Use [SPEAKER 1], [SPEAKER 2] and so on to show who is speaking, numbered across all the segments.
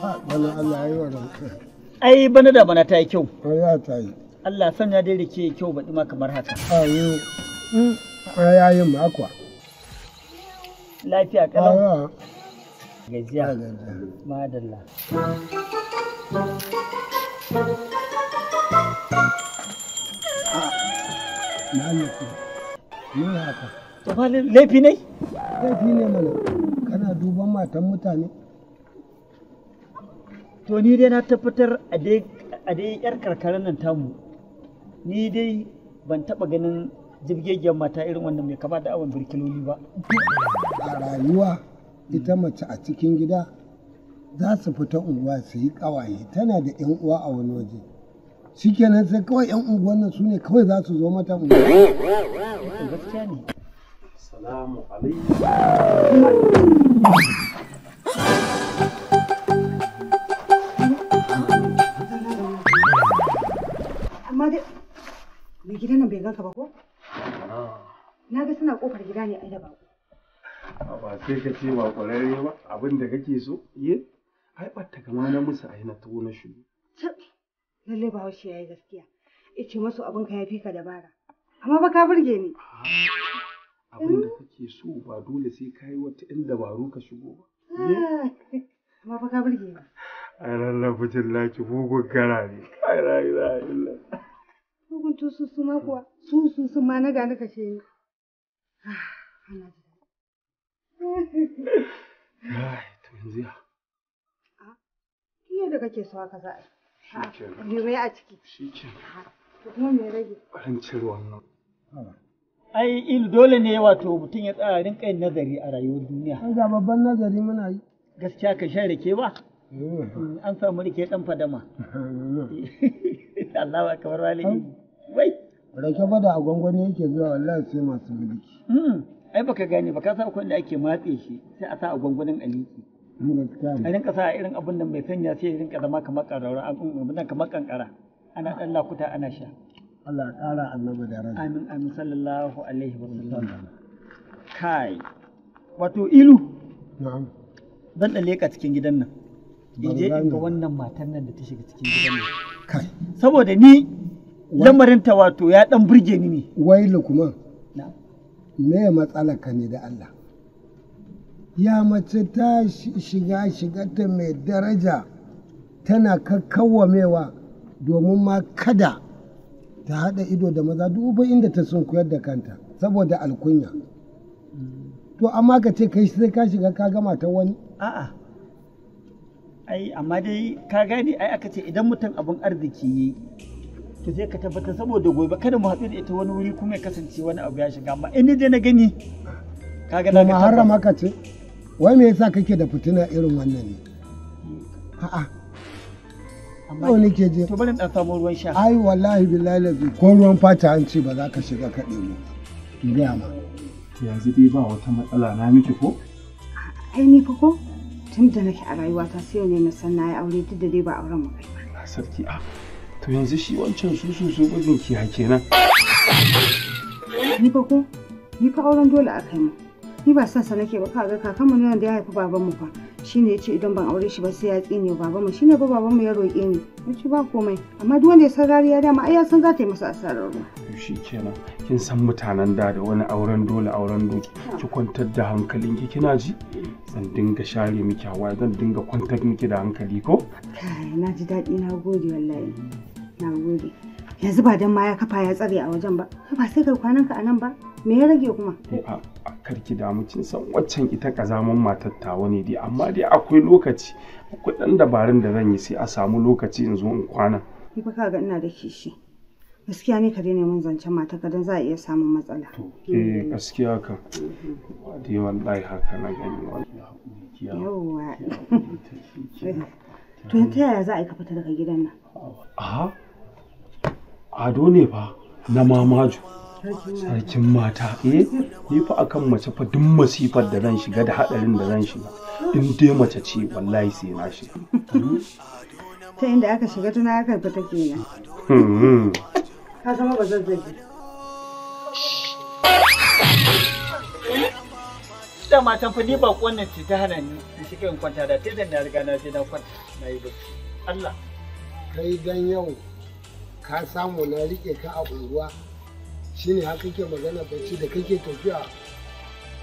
[SPEAKER 1] Bana Allah yi wa Ai bana da bana ta yi kyau. Bana ta yi. Allah sanya dai kyau baɗi ma kamar haka. Ayo.
[SPEAKER 2] Mm, yin
[SPEAKER 1] Lafiya kalau. Gajiya. Madalla.
[SPEAKER 2] Ni Laifi ne? Laifi ne mana. Kana duban matan mutane.
[SPEAKER 1] to ni dai na tabbatar a dai yar karkarar nan tamu ni dai ban taba ganin jirgegiyar mata irin wannan mai kama da
[SPEAKER 2] awon birkiloli ba a rayuwa ita mace a cikin gida za su fita unguwa su yi kawaye tana da yan uwa a wani waje shikenan sai kawai yan unguwan nan su ne kawai za su zo mata unguwa
[SPEAKER 1] salamu alaikum
[SPEAKER 3] bai ganka ba ko? Na ga suna kofar gida ne ai da bako.
[SPEAKER 1] Ba sai ka ce ba kwararre ba abin da kake so ye? Ai ɓatta kama na musu ai na tuwo na shigo.
[SPEAKER 3] Lalle ba ya yi gaskiya. Ice masu abin ka ya fi ka dabara. Amma ba ka burge ni.
[SPEAKER 1] Abin da kake so ba dole sai ka yi wata ɗin dabaru ka shigo ba.
[SPEAKER 3] Amma ba ka burge ni.
[SPEAKER 1] Ai lallafi jin laki bugun gara ne. Ai ra'ayi ra'ayi
[SPEAKER 3] mutu su su ma kuwa su su su ma na gani kashe ni. Ah, ana
[SPEAKER 1] Ai, to yanzu ya.
[SPEAKER 3] Iya da kake so haka za
[SPEAKER 1] a yi. Me a ciki? Shi ke.
[SPEAKER 2] To kuma me rage? Barin cin wannan.
[SPEAKER 1] Ai, ilu dole ne wato mutum ya tsaya rinka yin nazari a rayuwar duniya.
[SPEAKER 2] An ga babban nazari muna yi.
[SPEAKER 1] Gaskiya ka shan rake ba? Eh. Mm, an samu rike dan fadama. Allah ba kamar walihi.
[SPEAKER 2] Rake ba da agwangwa ne yake zuwa wallahi sai masu mulki. Hmm.
[SPEAKER 1] Ai baka gane ba ka sa akwai da ake matse shi sai a sa a gwangwanin aliki. A rinka sa irin abin da mai sanya sai rinka zama kamar ƙararra abin nan kamar ƙanƙara. Ana ɗan lakuta ana sha. Allah ƙara annabi da rai. Amin amin sallallahu alaihi wa sallam. Kai. Wato ilu. Na'am. Zan ɗan leƙa cikin gidan nan. In in ga wannan matan nan da ta shiga cikin gidan nan. Kai. Saboda ni
[SPEAKER 2] lamarinta wato ya dan burge ni ne wai lukman me matsalar ka ne da Allah ya mace ta shiga shiga ta mai daraja tana kakkawamewa domin ma kada ta haɗa ido da maza duba inda ta kuyar da kanta saboda alkunya mm. to amma ka ce kai sai ka shiga ka gama ta wani
[SPEAKER 1] a'a ai amma dai ka gane ai aka ce idan mutum abin arziki yi to sai ka tabbatar saboda gobe kada mu haɗu da ita wani wuri kuma ya kasance wani abu ya shiga amma in je na gani kaga na haram
[SPEAKER 2] ka ce wai me yasa kake da fitina irin wannan ne a'a amma yau ke je to bari dan samu ruwan sha ai wallahi billahi lazi ko ruwan fata an ce ba za ka shiga ka ɗebo in gaya ma yanzu dai ba wata matsala na miki ko
[SPEAKER 3] ai ni fa ko tun da nake a rayuwata sai ne na san na yi aure duk da dai ba auren mu kai
[SPEAKER 1] ba sarki a yanzu shi wancan su su su bugin ki kenan
[SPEAKER 3] ni fa ko ni fa auren dole aka yi ni ba son sa nake ba kaga kakanmu ne wanda ya haifi babanmu fa shine yace idan ban aure shi ba sai ya tsine babanmu shine ba babanmu ya roƙe ni nace ba komai amma duk wanda ya san rariya dama ai ya san za ta yi masa asarar ruwa
[SPEAKER 1] to kenan. kin san mutanen da da wani auren dole auren doki ki kwantar da ki kina ji zan dinga share miki hawa zan dinga kwantar miki da hankali ko
[SPEAKER 3] kai na ji daɗi na gode wallahi na yanzu ba dan ma ya kafa ya tsare a wajen ba ba sai kai kwanan ka anan ba me ya rage kuma
[SPEAKER 1] a karki damu mucin san waccan ita kazaman matar tawa ne dai amma dai akwai lokaci akwai dan dabarun da zan yi sai a samu lokaci in zo in kwana
[SPEAKER 3] ni fa kaga ina da kishi gaskiya ne ka daina mun zancen mata ka dan za a iya samun matsala eh
[SPEAKER 1] gaskiya ka dai wallahi haka na gani wallahi
[SPEAKER 3] yawa to ta yaya za a yi ka fita daga gidan nan
[SPEAKER 1] a'a ado ne ba na mamaju sarkin mata eh ni fa akan mace fa duk masifar da zan shiga da hadarin da zan shiga in dai mace ce wallahi sai
[SPEAKER 2] na shiga
[SPEAKER 3] ta inda aka shiga tuna aka fi take ya
[SPEAKER 2] hmm.
[SPEAKER 1] ka zama ba zazzagi da matan fa ni ba wannan ce ta hana ni in shiga in kwanta da ta da na riga na je na kwanta na yi bacci
[SPEAKER 2] Allah kai gan yau ka samu na rike ka a unguwa shine haka ke magana bacci da kake tafiya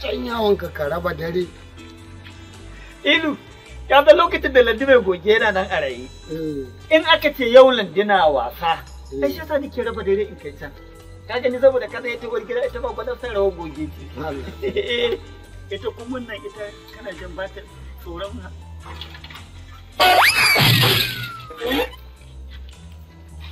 [SPEAKER 2] can yawon ka ka raba dare
[SPEAKER 1] ilu ya ga lokacin da landi mai goge yana nan a raye eh. in aka ce yau landina wasa eh. ai shi yasa nake raba dare in kai can ka gani saboda kaza ya ta gida ita ba gwada sai rawa goge ki ita kuma nan ita kana jan ba ta tsoron eh?